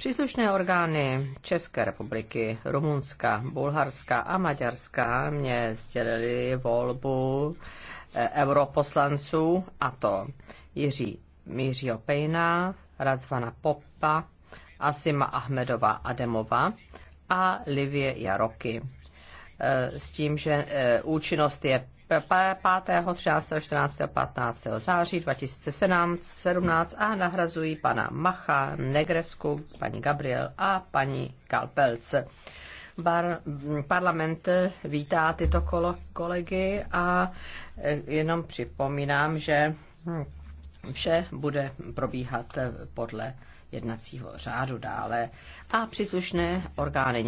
Příslušné orgány České republiky, Rumunska, Bulharska a Maďarska mě sdělili volbu eh, europoslanců, a to Jiří Mířího Pejna, Radzvana Popa, Asima Ahmedova Ademova a Livie Jaroky. Eh, s tím, že eh, účinnost je 5. 13. 14. 15. září 2017 a nahrazují pana Macha, Negresku, paní Gabriel a paní Kalpelce. Bar, parlament vítá tyto kolo, kolegy a e, jenom připomínám, že vše bude probíhat podle jednacího řádu dále a příslušné orgány